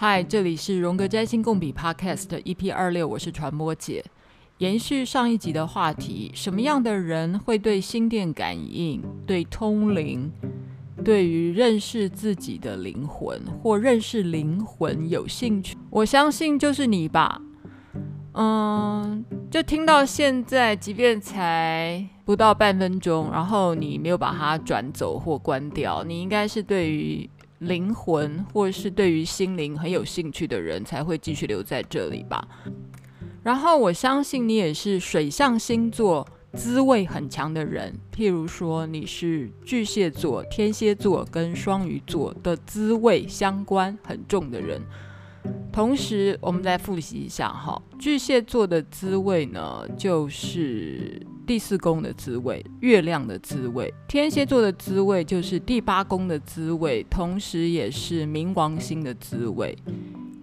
嗨，這裡是榮格摘星共筆 Podcast EP 二六，我是傳播姐。延續上一集的話題，什麼樣的人會對心電感應、對通靈、對於認識自己的靈魂或認識靈魂有興趣？我相信就是你吧。嗯，就聽到現在，即便才不到半分鐘，然後你沒有把它轉走或關掉，你應該是對於。靈魂，或是對於心靈很有興趣的人，才會繼續留在這裡吧。然後，我相信你也是水象星座，滋味很強的人。譬如說，你是巨蟹座、天蠍座跟雙魚座的滋味相關很重的人。同時，我們再復習一下哈，巨蟹座的滋味呢，就是。第四宮的滋味，月亮的滋味，天蠍座的滋味就是第八宮的滋味，同時也是冥王星的滋味。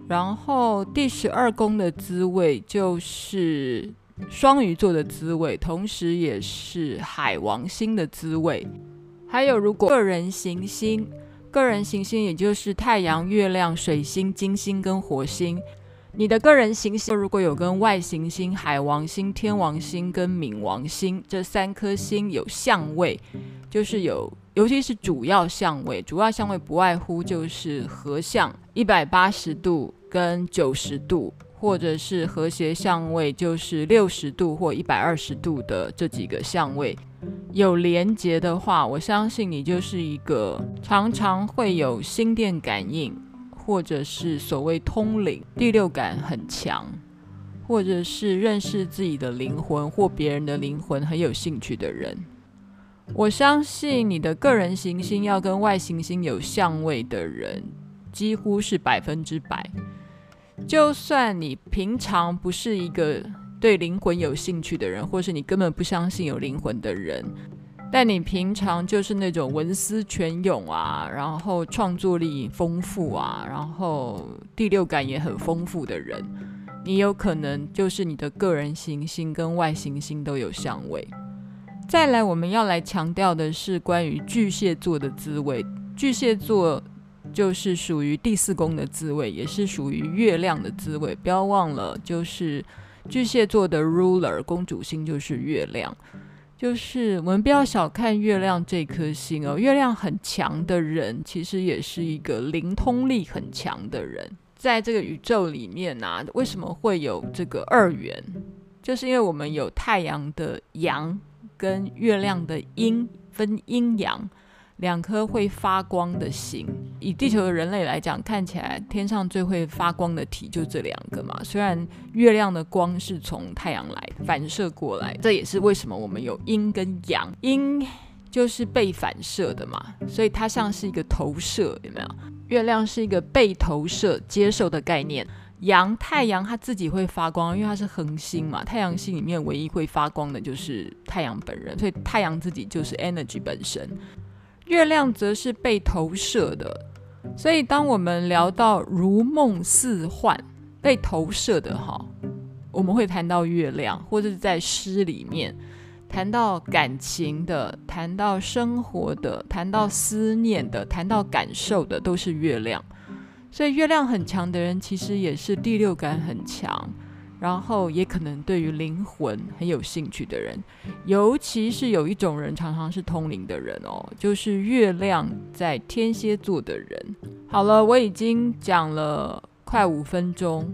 然後第十二宮的滋味就是雙魚座的滋味，同時也是海王星的滋味。還有，如果個人行星，個人行星也就是太陽、月亮、水星、金星跟火星。你的個人行星如果有跟外行星海王星、天王星跟冥王星這三顆星有相位，就是有，尤其是主要相位，主要相位不外乎就是合相一百八十度跟九十度，或者是和諧相位就是六十度或一百二十度的這幾個相位有連接的話，我相信你就是一個常常會有心電感應。或者是所謂通靈，第六感很強，或者是認識自己的靈魂或別人的靈魂很有興趣的人，我相信你的個人行星要跟外行星有相位的人，幾乎是百分之百。就算你平常不是一個對靈魂有興趣的人，或是你根本不相信有靈魂的人。但你平常就是那種文思泉湧啊，然後創作力豐富啊，然後第六感也很豐富的人，你有可能就是你的個人行星跟外行星都有相位。再來，我們要來強調的是關於巨蟹座的滋味。巨蟹座就是屬於第四宮的滋味，也是屬於月亮的滋味。不要忘了，就是巨蟹座的 ruler 宮主星就是月亮。就是我們不要小看月亮這顆星哦，月亮很強的人，其實也是一個靈通力很強的人。在這個宇宙裡面吶、啊，為什麼會有這個二元？就是因為我們有太陽的陽跟月亮的陰，分陰陽。兩顆會發光的星，以地球的人類來講，看起來天上最會發光的體就這兩個嘛。雖然月亮的光是從太陽來的，反射過來，這也是為什麼我們有陰跟陽。陰就是被反射的嘛，所以它像是一個投射，有沒有？月亮是一個被投射、接受的概念。陽太陽它自己會發光，因為它是恆星嘛。太陽系裡面唯一會發光的就是太陽本人，所以太陽自己就是 energy 本身。月亮則是被投射的，所以當我們聊到如夢似幻、被投射的哈，我們會談到月亮，或者是在詩裡面談到感情的、談到生活的、談到思念的、談到感受的，都是月亮。所以月亮很強的人，其實也是第六感很強。然後也可能對於靈魂很有興趣的人，尤其是有一種人常常是通靈的人哦，就是月亮在天蠍座的人。好了，我已經講了快五分鐘，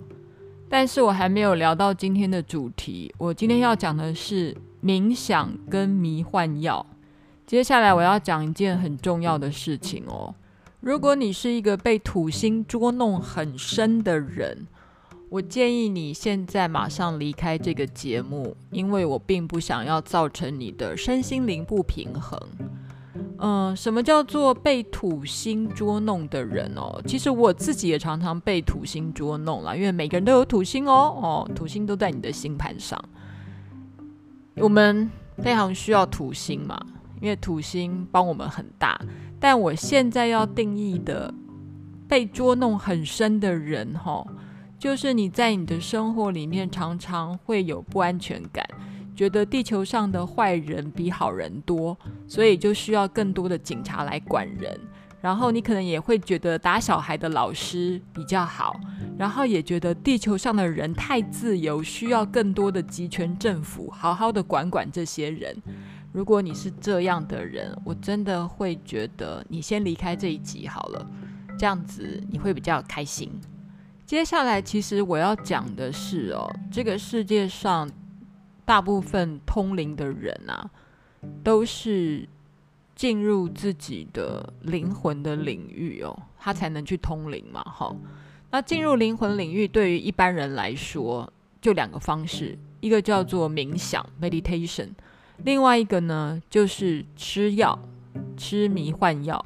但是我還沒有聊到今天的主題。我今天要講的是冥想跟迷幻藥。接下來我要講一件很重要的事情哦。如果你是一個被土星捉弄很深的人。我建議你現在馬上離開這個節目，因為我並不想要造成你的身心靈不平衡。嗯、呃，什麼叫做被土星捉弄的人哦、喔？其實我自己也常常被土星捉弄啦，因為每個人都有土星哦、喔。哦，土星都在你的星盤上，我們非常需要土星嘛，因為土星幫我們很大。但我現在要定義的被捉弄很深的人、喔，哦。就是你在你的生活裡面常常會有不安全感，覺得地球上的壞人比好人多，所以就需要更多的警察來管人。然後你可能也會覺得打小孩的老師比較好，然後也覺得地球上的人太自由，需要更多的極權政府好好的管管這些人。如果你是這樣的人，我真的會覺得你先離開這一集好了，這樣子你會比較開心。接下來，其實我要講的是哦，這個世界上大部分通靈的人啊，都是進入自己的靈魂的領域哦，他才能去通靈嘛。好，那進入靈魂領域，對於一般人來說，就兩個方式，一個叫做冥想 （meditation），另外一個呢就是吃藥、吃迷幻藥。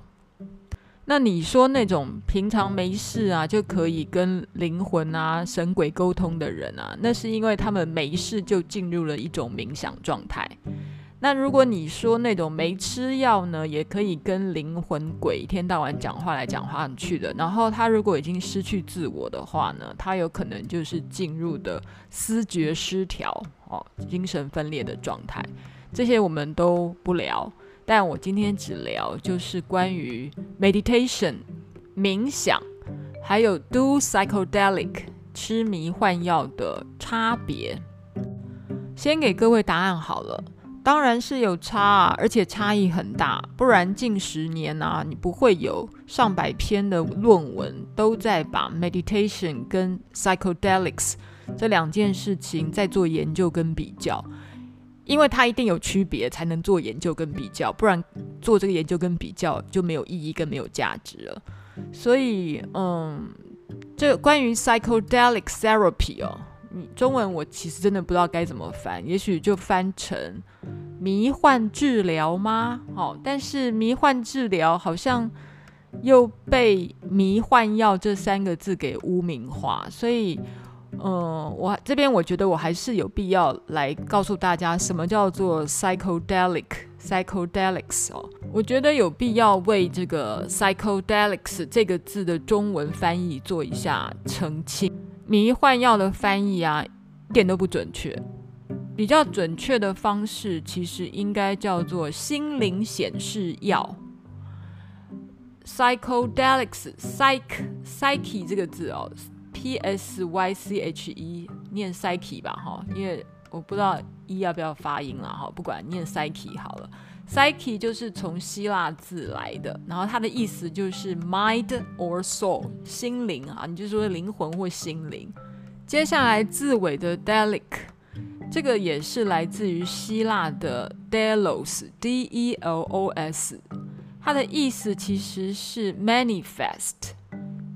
那你說那種平常沒事啊就可以跟靈魂啊神鬼溝通的人啊，那是因為他們沒事就進入了一種冥想狀態。那如果你說那種沒吃藥呢，也可以跟靈魂鬼一天到晚講話來講話去的。然後他如果已經失去自我的話呢，他有可能就是進入的思覺失調哦，精神分裂的狀態。這些我們都不聊。但我今天只聊就是關於 meditation、冥想，還有 do psychedelic、吃迷幻藥的差別。先給各位答案好了，當然是有差啊，而且差異很大。不然近十年啊，你不會有上百篇的論文都在把 meditation 跟 psychedelics 這兩件事情在做研究跟比較。因為它一定有區別，才能做研究跟比較，不然做這個研究跟比較就沒有意義跟沒有價值了。所以，嗯，這關於 psychedelic therapy 哦，中文我其實真的不知道該怎麼翻，也許就翻成迷幻治療嗎？好、哦，但是迷幻治療好像又被迷幻藥這三個字給污名化，所以。嗯，我這邊我覺得我還是有必要來告訴大家，什麼叫做 psychedelic psychedelics 哦？我覺得有必要為這個 psychedelics 這個字的中文翻譯做一下澄清。迷幻藥的翻譯啊，一點都不準確。比較準確的方式其實應該叫做心靈顯示藥。psychedelics psych psyche 這個字哦。P S Y C H E，念 psyche 吧哈，因為我不知道 e 要不要發音了哈，不管念 psyche 好了。psyche 就是從希臘字來的，然後它的意思就是 mind or soul，心靈啊，你就是說靈魂或心靈。接下來字尾的 delic，這個也是來自於希臘的 delos，D E L O S，它的意思其實是 manifest。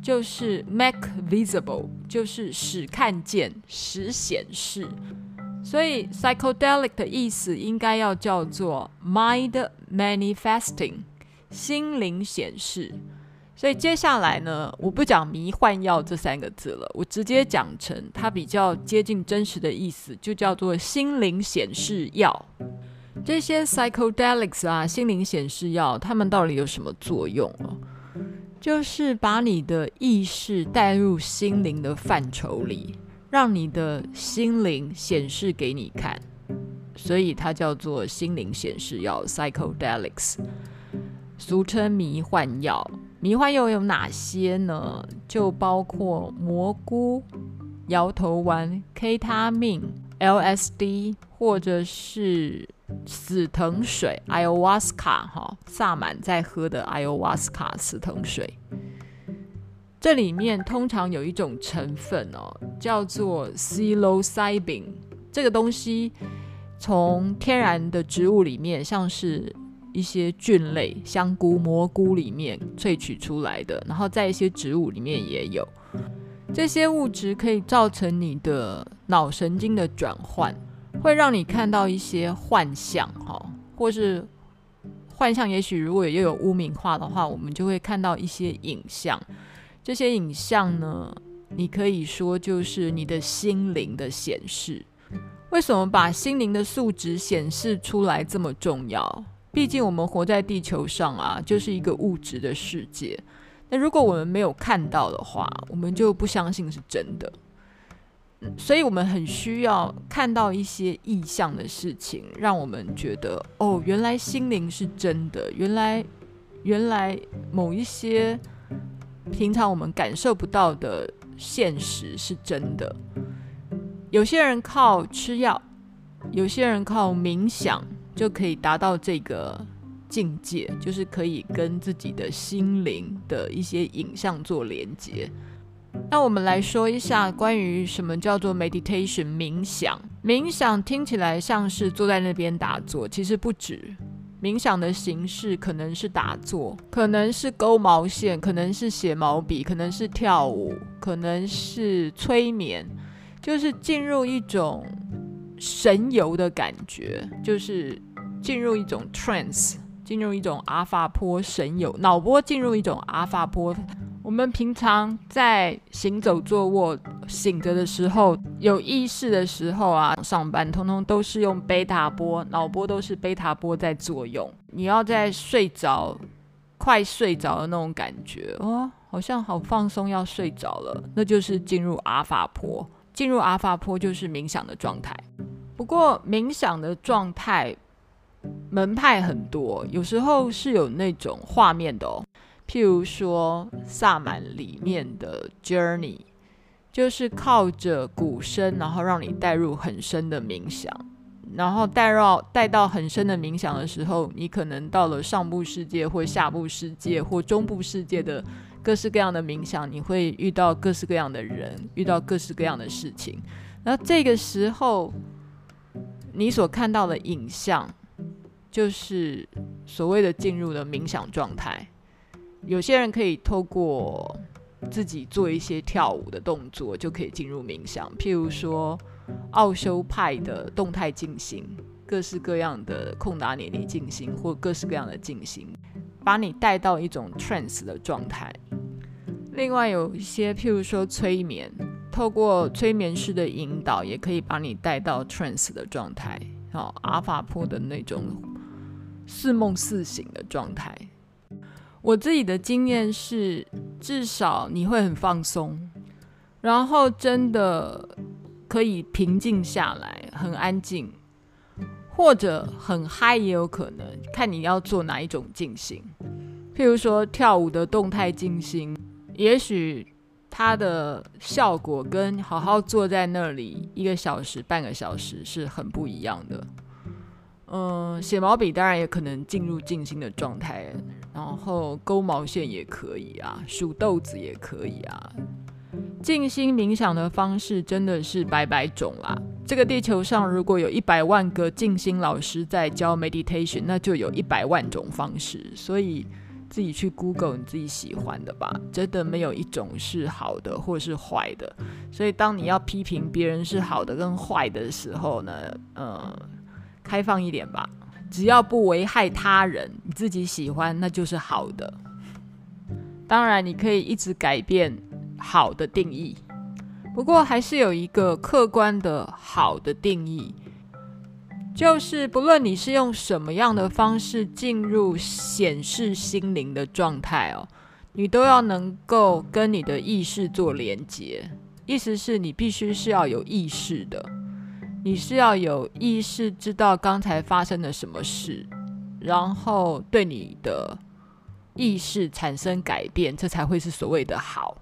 就是 make visible，就是使看見、使顯示。所以 psychedelic 的意思應該要叫做 mind manifesting，心靈顯示。所以接下來呢，我不講迷幻藥這三個字了，我直接講成它比較接近真實的意思，就叫做心靈顯示藥。這些 psychedelics 啊，心靈顯示藥，它們到底有什麼作用啊？就是把你的意識帶入心靈的範疇裡，讓你的心靈顯示給你看，所以它叫做心靈顯示藥 （psychedelics），俗稱迷幻藥。迷幻藥有哪些呢？就包括蘑菇、搖頭丸、K 他命、LSD。或者是死藤水 （Ayahuasca） 哈、哦，薩滿在喝的 Ayahuasca 死藤水，這裡面通常有一種成分哦，叫做 Psilocybin，這個東西從天然的植物裡面，像是一些菌類、香菇、蘑菇裡面萃取出來的，然後在一些植物裡面也有。這些物質可以造成你的腦神經的轉換。會讓你看到一些幻象，哈，或是幻象。也許如果也有污名化的話，我們就會看到一些影像。這些影像呢，你可以說就是你的心靈的顯示。為什麼把心靈的素質顯示出來這麼重要？畢竟我們活在地球上啊，就是一個物質的世界。那如果我們沒有看到的話，我們就不相信是真的。所以我們很需要看到一些意象的事情，讓我們覺得哦，原來心靈是真的，原來，原來某一些平常我們感受不到的現實是真的。有些人靠吃藥，有些人靠冥想就可以達到這個境界，就是可以跟自己的心靈的一些影像做連接。那我們來說一下關於什麼叫做 meditation 冥想。冥想聽起來像是坐在那邊打坐，其實不止。冥想的形式可能是打坐，可能是勾毛線，可能是寫毛筆，可能是跳舞，可能是催眠，就是進入一種神遊的感覺，就是進入一種 trance，進入一種 alpha 波神遊腦波，進入一種 alpha 波。我們平常在行走、坐臥、醒着的時候、有意識的時候啊，上班，通通都是用貝塔波，腦波都是貝塔波在作用。你要在睡着、快睡着的那種感覺哦，好像好放鬆，要睡着了，那就是進入阿法波。進入阿法波就是冥想的狀態。不過，冥想的狀態門派很多，有時候是有那種畫面的哦。譬如說，薩滿裡面的 journey，就是靠着鼓聲，然後讓你帶入很深的冥想，然後帶入帶到很深的冥想的時候，你可能到了上部世界或下部世界或中部世界的各式各樣的冥想，你會遇到各式各樣的人，遇到各式各樣的事情。那這個時候，你所看到的影像，就是所謂的進入了冥想狀態。有些人可以透過自己做一些跳舞的動作，就可以進入冥想。譬如說，奧修派的動態靜心，各式各樣的空達尼尼靜心，或各式各樣的靜心。把你帶到一種 trance 的狀態。另外有一些，譬如說催眠，透過催眠師的引導，也可以把你帶到 trance 的狀態，哦，阿法波的那種似夢似醒的狀態。我自己的經驗是，至少你會很放鬆，然後真的可以平靜下來，很安靜，或者很嗨也有可能，看你要做哪一種靜心。譬如說跳舞的動態靜心，也許它的效果跟好好坐在那裡一個小時、半個小時是很不一樣的。嗯、呃，寫毛筆當然也可能進入靜心的狀態。然後勾毛線也可以啊，數豆子也可以啊。靜心冥想的方式真的是百百種啦。這個地球上如果有一百萬個靜心老師在教 meditation，那就有一百萬種方式。所以自己去 Google 你自己喜歡的吧。真的沒有一種是好的或是壞的。所以當你要批評別人是好的跟壞的時候呢，呃、嗯，開放一點吧。只要不危害他人，你自己喜歡那就是好的。當然，你可以一直改變好的定義，不過還是有一個客觀的好的定義，就是不論你是用什麼樣的方式進入顯示心靈的狀態哦，你都要能夠跟你的意識做連接，意思是你必須是要有意識的。你是要有意識知道剛才發生了什麼事，然後對你的意識產生改變，這才會是所謂的好。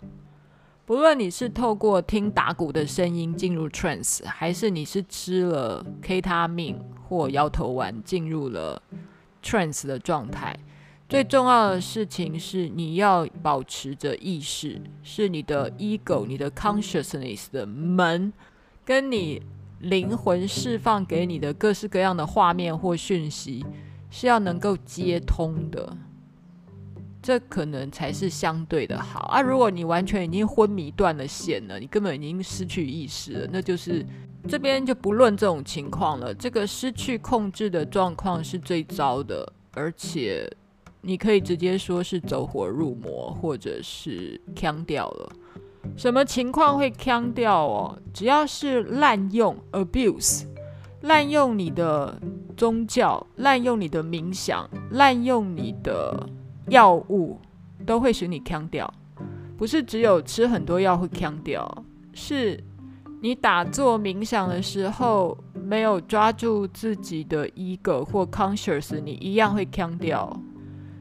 不論你是透過聽打鼓的聲音進入 trance，還是你是吃了 K 他命或搖頭丸進入了 trance 的狀態，最重要的事情是你要保持着意識，是你的 ego、你的 consciousness 的門，跟你。靈魂釋放給你的各式各樣的畫面或訊息，是要能夠接通的，這可能才是相對的好啊！如果你完全已經昏迷斷了線了，你根本已經失去意識了，那就是這邊就不論這種情況了。這個失去控制的狀況是最糟的，而且你可以直接說是走火入魔，或者是鏘掉了。什麼情況會 k l 掉哦？只要是濫用 abuse，濫用你的宗教，濫用你的冥想，濫用你的藥物，都會使你 k l 掉。不是只有吃很多藥會 k l 掉，是你打坐冥想的時候，沒有抓住自己的一個或 conscious，你一樣會 k l 掉。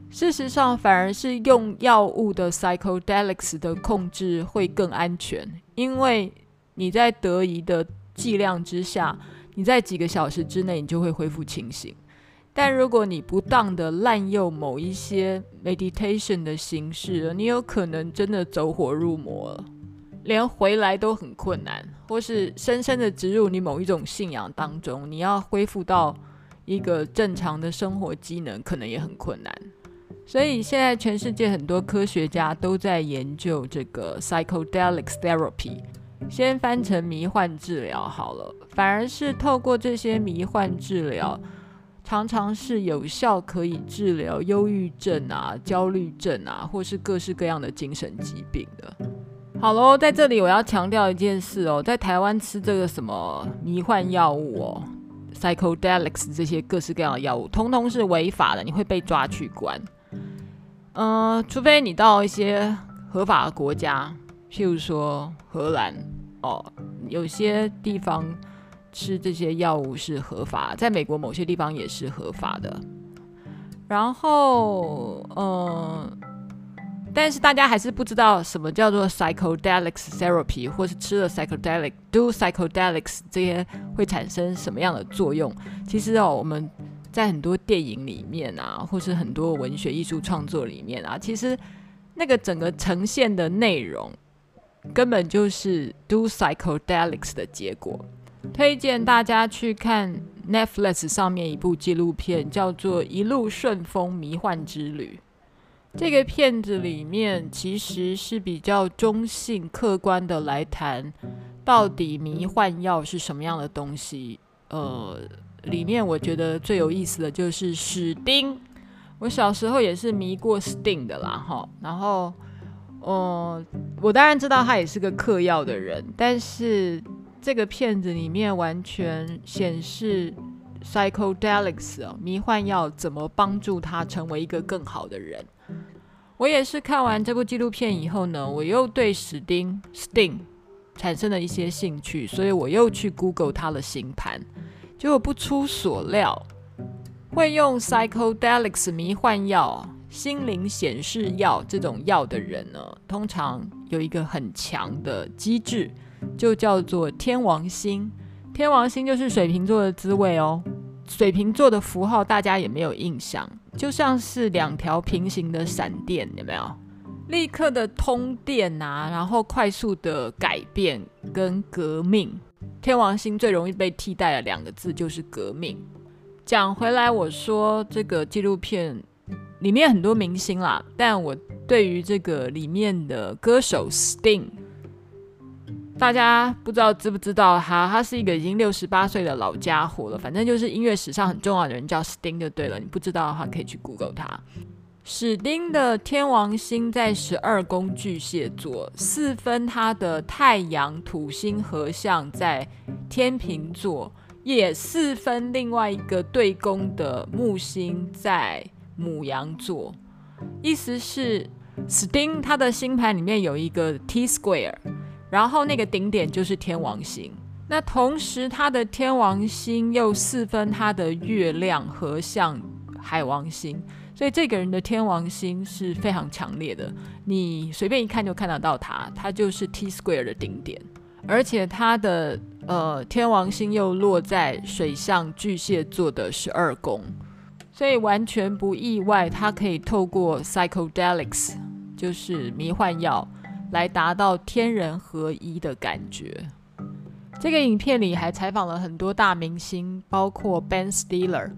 事實上，反而是用藥物的 psychedelics 的控制會更安全，因為你在得宜的劑量之下，你在幾個小時之內你就會恢復清醒。但如果你不當的濫用某一些 meditation 的形式，你有可能真的走火入魔了，連回來都很困難，或是深深的植入你某一種信仰當中，你要恢復到一個正常的生活機能，可能也很困難。所以現在全世界很多科學家都在研究這個 psychedelic therapy，先翻成迷幻治療好了。反而是透過這些迷幻治療，常常是有效可以治療憂鬱症啊、焦慮症啊，或是各式各樣的精神疾病的。好嘍，在這裡我要強調一件事哦，在台灣吃這個什麼迷幻藥物哦，psychedelics 這些各式各樣的藥物，通通是違法的，你會被抓去關。呃，除非你到一些合法的國家，譬如說荷蘭哦，有些地方吃這些藥物是合法，在美國某些地方也是合法的。然後，嗯、呃，但是大家還是不知道什麼叫做 psychedelic therapy，或是吃了 psychedelic，do psychedelics，這些會產生什麼樣的作用？其實哦，我們。在很多電影裡面啊，或是很多文學藝術創作裡面啊，其實那個整個呈現的內容，根本就是 do psychedelics 的結果。推薦大家去看 Netflix 上面一部紀錄片，叫做《一路順風迷幻之旅》。這個片子裡面其實是比較中性、客觀的來談，到底迷幻藥是什麼樣的東西。呃。裡面我覺得最有意思的就是史丁，我小時候也是迷過 Sting 的啦哈。然後，嗯，我當然知道他也是個嗑藥的人，但是這個片子裡面完全顯示 psychedelics 啊，迷幻藥怎麼幫助他成為一個更好的人。我也是看完這部紀錄片以後呢，我又對史丁 sting 產生了一些興趣，所以我又去 Google 他的星盤。結果不出所料，會用 psychedelics 迷幻藥、心靈顯示藥這種藥的人呢，通常有一個很強的機制，就叫做天王星。天王星就是水瓶座的滋味哦。水瓶座的符號大家也沒有印象，就像是兩條平行的閃電，有沒有？立刻的通電啊，然後快速的改變跟革命。天王星最容易被替代的兩個字就是革命。講回來，我說這個紀錄片裡面很多明星啦，但我對於這個裡面的歌手 Sting，大家不知道知不知道他？他是一個已經六十八歲的老家伙了，反正就是音樂史上很重要的人，叫 Sting 就對了。你不知道的話，可以去 Google 他。史汀的天王星在十二宮巨蟹座，四分他的太陽土星合相在天秤座，也四分另外一個對宮的木星在牡羊座。意思是，史汀他的星盤裡面有一個 T square，然後那個頂點就是天王星。那同時，他的天王星又四分他的月亮合相，海王星，所以這個人的天王星是非常強烈的，你隨便一看就看得到他，他就是 T square 的頂點，而且他的呃天王星又落在水象巨蟹座的十二宮，所以完全不意外，他可以透過 psychedelics 就是迷幻藥來達到天人合一的感覺。這個影片裡還採訪了很多大明星，包括 Ben Stiller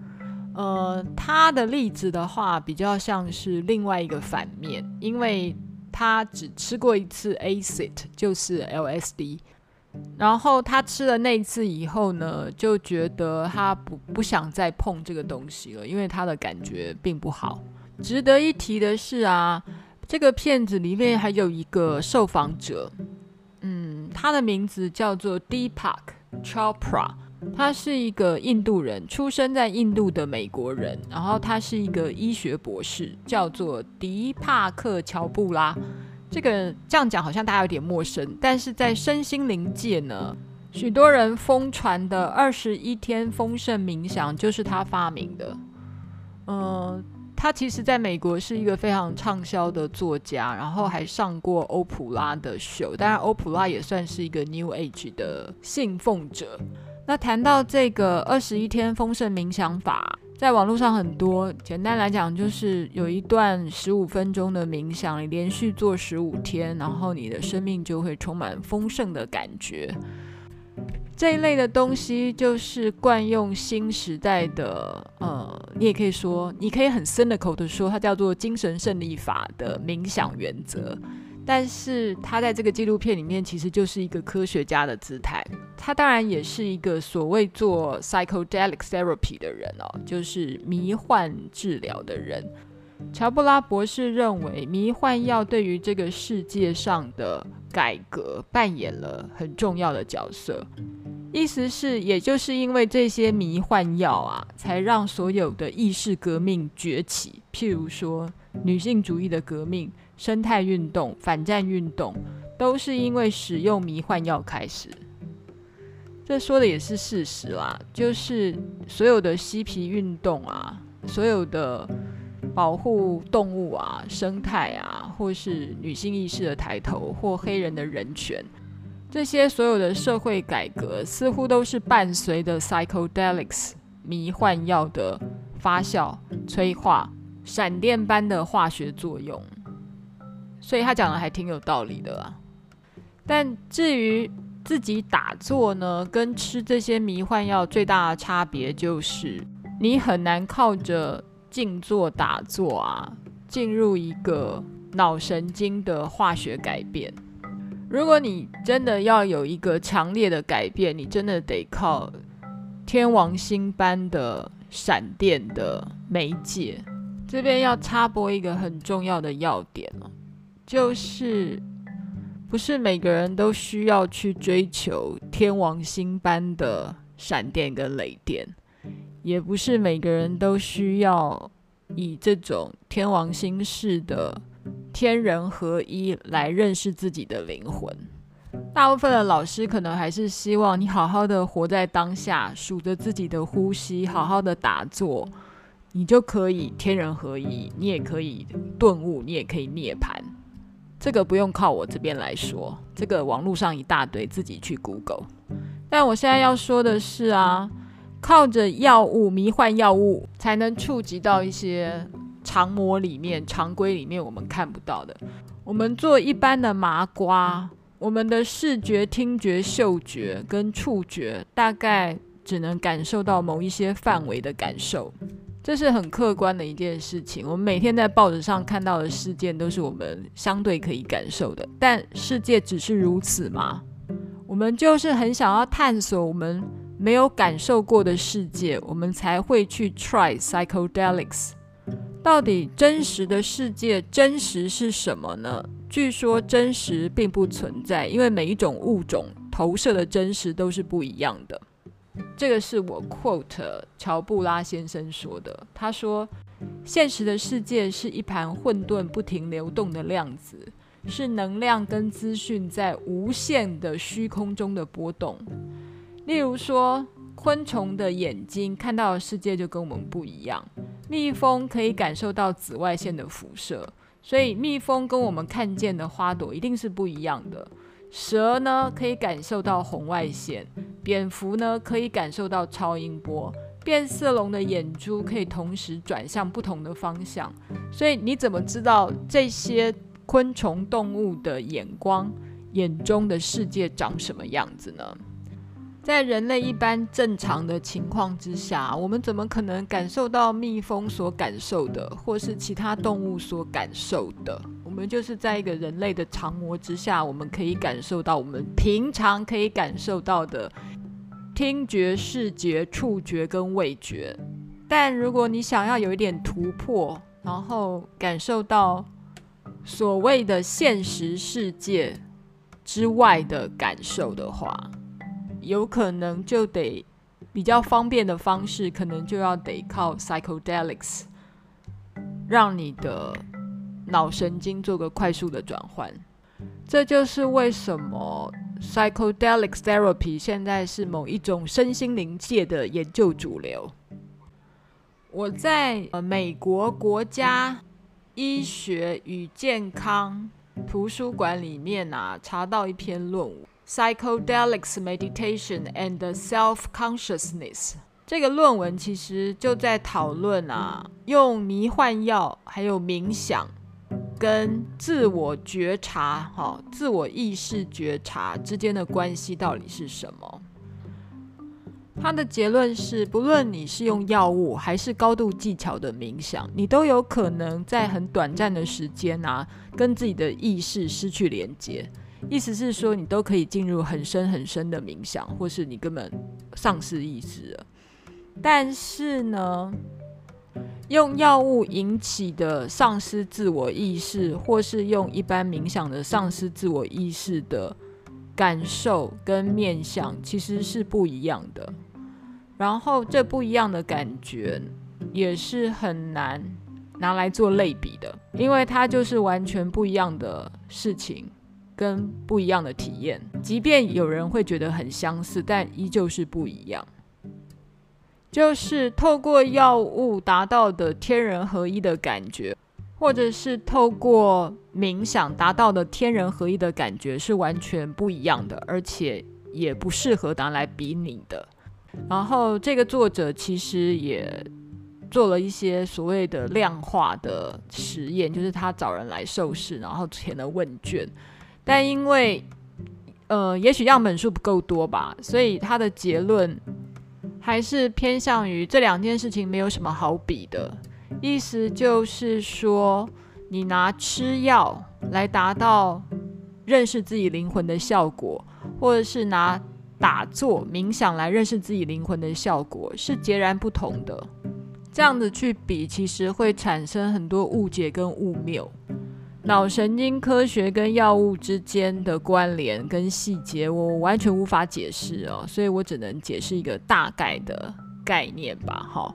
呃，他的例子的話比較像是另外一個反面，因為他只吃過一次 acid，就是 LSD，然後他吃了那次以後呢，就覺得他不不想再碰這個東西了，因為他的感覺並不好。值得一提的是啊，這個片子裡面還有一個受訪者，嗯，他的名字叫做 Deepak Chopra。他是一個印度人，出生在印度的美國人，然後他是一個醫學博士，叫做迪帕克·喬布拉。這個這樣講好像大家有點陌生，但是在身心靈界呢，許多人瘋傳的二十一天豐盛冥想就是他發明的。嗯，他其實在美國是一個非常暢銷的作家，然後還上過歐普拉的秀，當然歐普拉也算是一個 New Age 的信奉者。那談到這個二十一天豐盛冥想法，在網絡上很多。簡單來講，就是有一段十五分鐘的冥想，你連續做十五天，然後你的生命就會充滿豐盛的感覺。這一類的東西，就是慣用新時代的，呃，你也可以說，你可以很深 l 的說，它叫做精神勝利法的冥想原則。但是他在這個紀錄片裡面，其實就是一個科學家的姿態。他當然也是一個所謂做 psychedelic therapy 的人哦，就是迷幻治療的人。喬布拉博士認為，迷幻藥對於這個世界上的改革扮演了很重要的角色。意思是，也就是因為這些迷幻藥啊，才讓所有的意識革命崛起，譬如說女性主義的革命。生態運動、反戰運動都是因為使用迷幻藥開始。這說的也是事實啦，就是所有的嬉皮運動啊，所有的保護動物啊、生態啊，或是女性意識的抬頭，或黑人的人權，這些所有的社會改革，似乎都是伴隨的 psychedelics 迷幻藥的發酵、催化、閃電般的化學作用。所以他講的還挺有道理的。啊，但至於自己打坐呢，跟吃這些迷幻藥最大的差別就是，你很難靠着靜坐打坐啊，進入一個腦神經的化學改變。如果你真的要有一個強烈的改變，你真的得靠天王星般的閃電的媒介。這邊要插播一個很重要的要點。就是不是每個人都需要去追求天王星般的閃電跟雷電，也不是每個人都需要以這種天王星式的天人合一來認識自己的靈魂。大部分的老師可能還是希望你好好的活在當下，數着自己的呼吸，好好的打坐，你就可以天人合一，你也可以頓悟，你也可以涅槃。這個不用靠我這邊來說，這個網絡上一大堆，自己去 Google。但我現在要說的是啊，靠着藥物、迷幻藥物，才能觸及到一些常模裡面、常規裡面我們看不到的。我們做一般的麻瓜，我們的視覺、聽覺、嗅覺跟觸覺，大概只能感受到某一些範圍的感受。這是很客觀的一件事情。我們每天在報紙上看到的事件，都是我們相對可以感受的。但世界只是如此嗎？我們就是很想要探索我們沒有感受過的世界，我們才會去 try psychedelics。到底真實的世界真實是什麼呢？據說真實並不存在，因為每一種物種投射的真實都是不一樣的。這個是我 quote 喬布拉先生說的。他說：“現實的世界是一盤混沌、不停流動的量子，是能量跟資訊在無限的虛空中的波動。例如說，昆蟲的眼睛看到的世界就跟我們不一樣。蜜蜂可以感受到紫外線的輻射，所以蜜蜂跟我們看見的花朵一定是不一樣的。”蛇呢，可以感受到紅外線，蝙蝠呢，可以感受到超音波，變色龍的眼珠可以同時轉向不同的方向。所以你怎麼知道這些昆蟲動物的眼光、眼中的世界長什麼樣子呢？在人類一般正常的情況之下，我們怎麼可能感受到蜜蜂所感受的，或是其他動物所感受的？我們就是在一個人類的常模之下，我們可以感受到我們平常可以感受到的聽覺、視覺、觸覺跟味覺。但如果你想要有一點突破，然後感受到所謂的現實世界之外的感受的話，有可能就得比較方便的方式，可能就要得靠 psychedelics，讓你的。腦神經做個快速的轉換，這就是為什麼 psychedelic therapy 現在是某一種身心靈界的研究主流。我在，呃，美國國家醫學與健康圖書館裡面啊查到一篇論文《Psychedelic Meditation and Self-Consciousness》。這個論文其實就在討論啊，用迷幻藥還有冥想。跟自我覺察、自我意識覺察之間的關係到底是什麼？他的結論是，不論你是用藥物還是高度技巧的冥想，你都有可能在很短暫的時間啊，跟自己的意識失去連接。意思是說，你都可以進入很深很深的冥想，或是你根本喪失意識了。但是呢，用藥物引起的喪失自我意識，或是用一般冥想的喪失自我意識的感受跟面向，其實是不一樣的。然後，這不一樣的感覺也是很難拿來做類比的，因為它就是完全不一樣的事情跟不一樣的體驗。即便有人會覺得很相似，但依舊是不一樣。就是透過藥物達到的天人合一的感覺，或者是透過冥想達到的天人合一的感覺是完全不一樣的，而且也不適合拿來比擬的。然後這個作者其實也做了一些所謂的量化的實驗，就是他找人來受試，然後填了問卷，但因為呃也許樣本數不夠多吧，所以他的結論。還是偏向於這兩件事情沒有什麼好比的意思，就是說你拿吃藥來達到認識自己靈魂的效果，或者是拿打坐冥想來認識自己靈魂的效果是截然不同的。這樣子去比，其實會產生很多誤解跟誤謬。腦神經科學跟藥物之間的關聯跟細節，我完全無法解釋哦，所以我只能解釋一個大概的概念吧，好，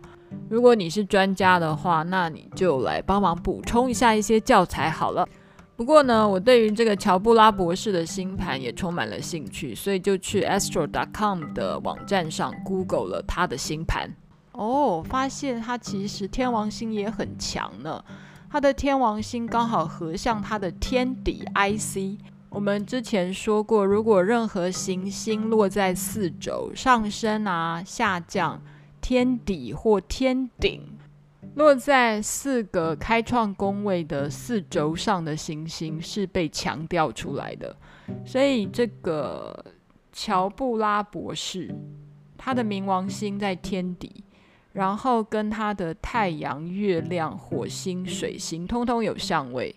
如果你是專家的話，那你就來幫忙補充一下一些教材好了。不過呢，我對於這個喬布拉博士的星盤也充滿了興趣，所以就去 astro.com 的網站上 Google 了他的星盤，哦，我發現他其實天王星也很強呢。他的天王星剛好合相他的天底 IC。我們之前說過，如果任何行星落在四軸上升啊、下降、天底或天頂，落在四個開創宮位的四軸上的行星是被強調出來的。所以，這個喬布拉博士，他的冥王星在天底。然後跟他的太陽、月亮、火星、水星通通有相位，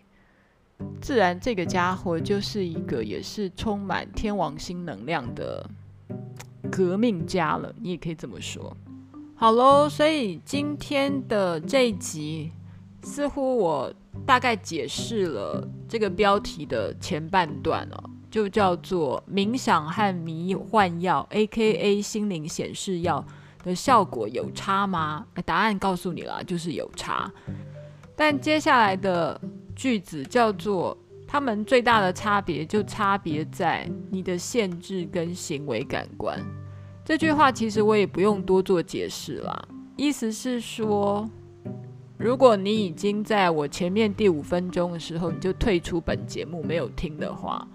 自然這個家伙就是一個也是充滿天王星能量的革命家了，你也可以這麼說。好嘍，所以今天的這一集，似乎我大概解釋了這個標題的前半段哦，就叫做冥想和迷幻藥 （A.K.A. 心靈顯示藥）。的效果有差嗎？答案告訴你了，就是有差。但接下來的句子叫做：“他們最大的差別就差別在你的限制跟行為感官。”這句話其實我也不用多做解釋了，意思是說，如果你已經在我前面第五分鐘的時候，你就退出本節目沒有聽的話，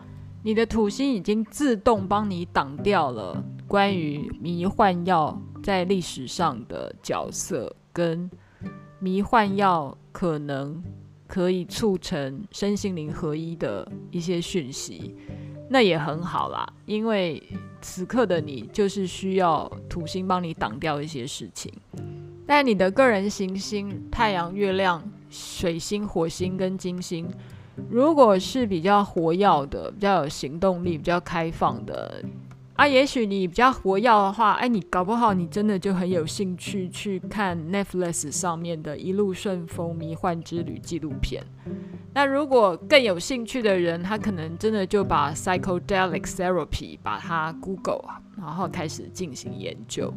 你的土星已經自動幫你擋掉了關於迷幻藥。在歷史上的角色跟迷幻藥可能可以促成身心靈合一的一些訊息，那也很好啦。因為此刻的你就是需要土星幫你擋掉一些事情。但你的個人行星太陽、月亮、水星、火星跟金星，如果是比較活躍的、比較有行動力、比較開放的。啊，也許你比較活躍的話，哎、欸，你搞不好你真的就很有興趣去看 Netflix 上面的《一路順風迷幻之旅》紀錄片。那如果更有興趣的人，他可能真的就把 Psychedelic Therapy 把它 Google 然後開始進行研究。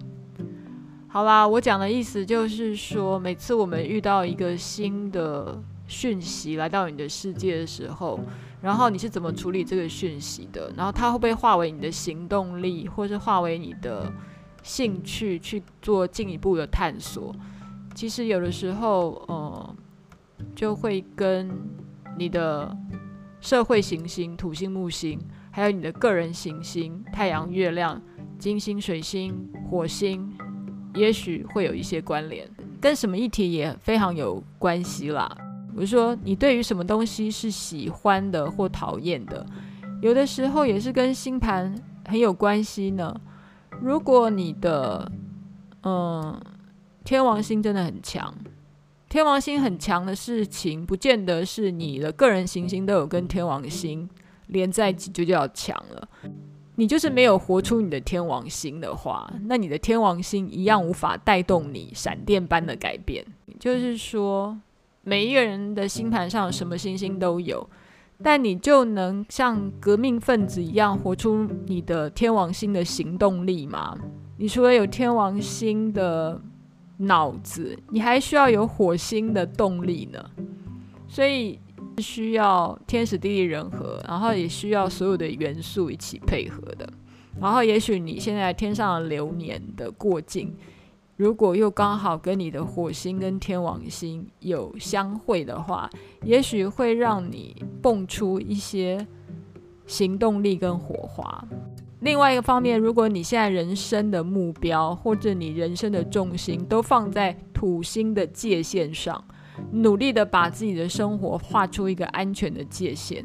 好啦，我講的意思就是說，每次我們遇到一個新的訊息來到你的世界的時候。然後你是怎麼處理這個訊息的？然後它會不會化為你的行動力，或是化為你的興趣去做進一步的探索？其實有的時候，呃，就會跟你的社會行星土星、木星，還有你的個人行星太陽、月亮、金星、水星、火星，也許會有一些關聯，跟什麼議題也非常有關係啦。比如說，你對於什麼東西是喜歡的或討厭的，有的時候也是跟星盤很有關係呢。如果你的嗯天王星真的很強，天王星很強的事情，不見得是你的個人行星都有跟天王星連在一起就叫強了。你就是沒有活出你的天王星的話，那你的天王星一樣無法帶動你閃電般的改變。就是說。每一個人的星盤上什麼星星都有，但你就能像革命分子一樣活出你的天王星的行動力嗎？你除了有天王星的腦子，你還需要有火星的動力呢。所以需要天時地利人和，然後也需要所有的元素一起配合的。然後也許你現在天上的流年的過境。如果又剛好跟你的火星跟天王星有相會的話，也許會讓你蹦出一些行動力跟火花。另外一個方面，如果你現在人生的目標或者你人生的重心都放在土星的界限上，努力的把自己的生活畫出一個安全的界限，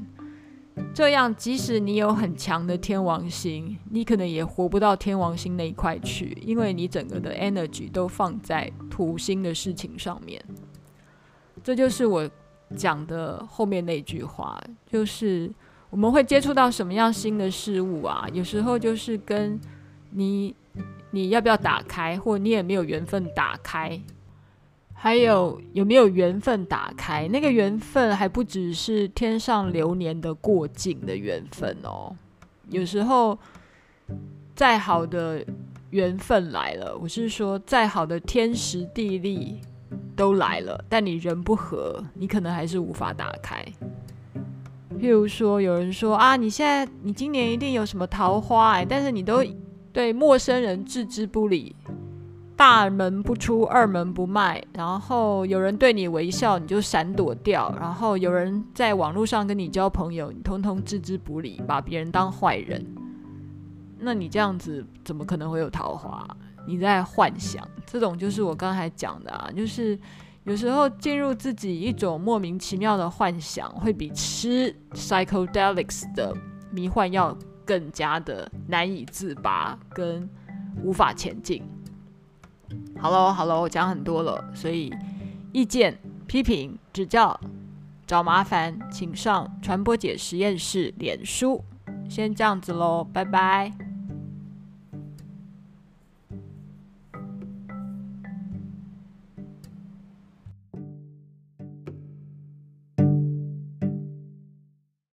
這樣，即使你有很強的天王星，你可能也活不到天王星那一塊去，因為你整個的 energy 都放在土星的事情上面。這就是我講的後面那句話，就是我們會接觸到什麼樣新的事物啊？有時候就是跟你，你要不要打開，或你也沒有緣分打開。還有有沒有緣分打開，那個緣分還不只是天上流年的過境的緣分哦。有時候再好的緣分來了，我是說再好的天時地利都來了，但你人不合，你可能還是無法打開。譬如說有人說啊，你現在你今年一定有什麼桃花欸，但是你都對陌生人置之不理。大門不出，二門不邁。然後有人對你微笑，你就閃躲掉；然後有人在網絡上跟你交朋友，你通通置之不理，把別人當壞人。那你這樣子怎麼可能會有桃花啊？你在幻想，這種就是我剛才講的啊，就是有時候進入自己一種莫名其妙的幻想，會比吃 psychedelics 的迷幻藥更加的難以自拔，跟無法前進。好嘍，好嘍，我講很多了，所以意見、批評、指教、找麻煩，請上傳播姐實驗室臉書。先這樣子嘍，拜拜。